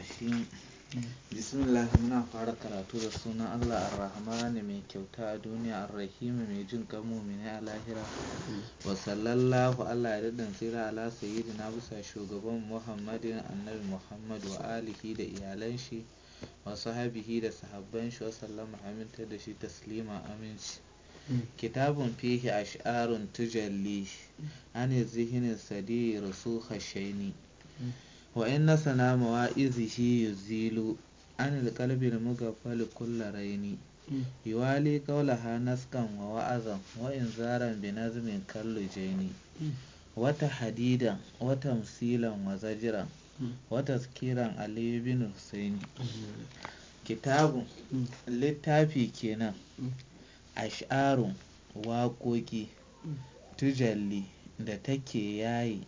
rahim mm. bismillah muna fara karatu da suna allah ar rahmani mai kyauta a duniya ar-rahim mai jin kan mumini a lahira mm. wa sallallahu allah ya daɗin tsira ala sayyidina bisa shugaban muhammadin annabi muhammad wa alihi da iyalan shi wa sahabihi da sahabban shi wa sallama aminta da shi taslima aminci mm. kitabun fihi ash'arun tujalli an zihinin sadir su khashaini wa in shi mawa'izihi yuzilu an alƙalbi mugaffal kulla raini hmm. yuwali kaulaha naskan wa wa'azan wa in zaran bi nazmin kallo jaini wata hadidan wata musilan wa zajiran wata hmm. tsikiran aliyu bin husaini hmm. kitabun littafi kenan ash'arun waƙoƙi tujalli da take yayi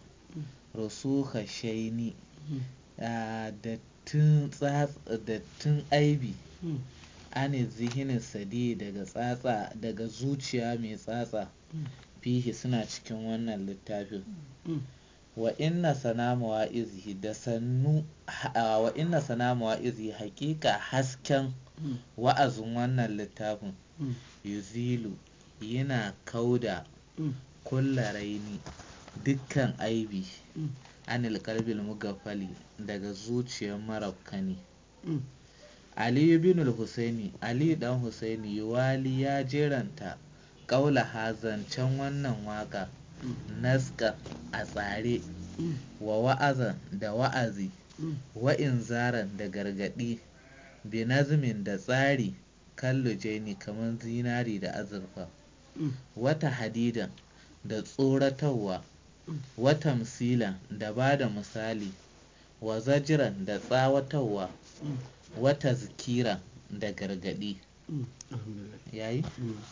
rusuka shaini Mm-hmm. Ah, dattin tsatsa aibi mm-hmm. ane zihinin sadi daga tsatsa daga zuciya mai tsatsa mm-hmm. fihi suna cikin wannan littafin wa inna sanamawa ah, wa hasken wa'azin wannan littafin yuzilu yana kauda kulla raini dukkan aibi mm. anil kalbil mugafali daga zuciyar ne. Mm. aliyu bin husaini aliyu dan Hussaini yuwali ya jeranta kaula hazancen wannan waka mm. naska a tsare wa wa'azan da wa'azi wa'in zaren da gargadi binazmin da tsari kallo jeni kamar zinari da azurfa wata hadidan da tsoratarwa misila da ba da misali wa zajiran da tsawatarwa wata zikira da gargaɗi mm, yayi mm,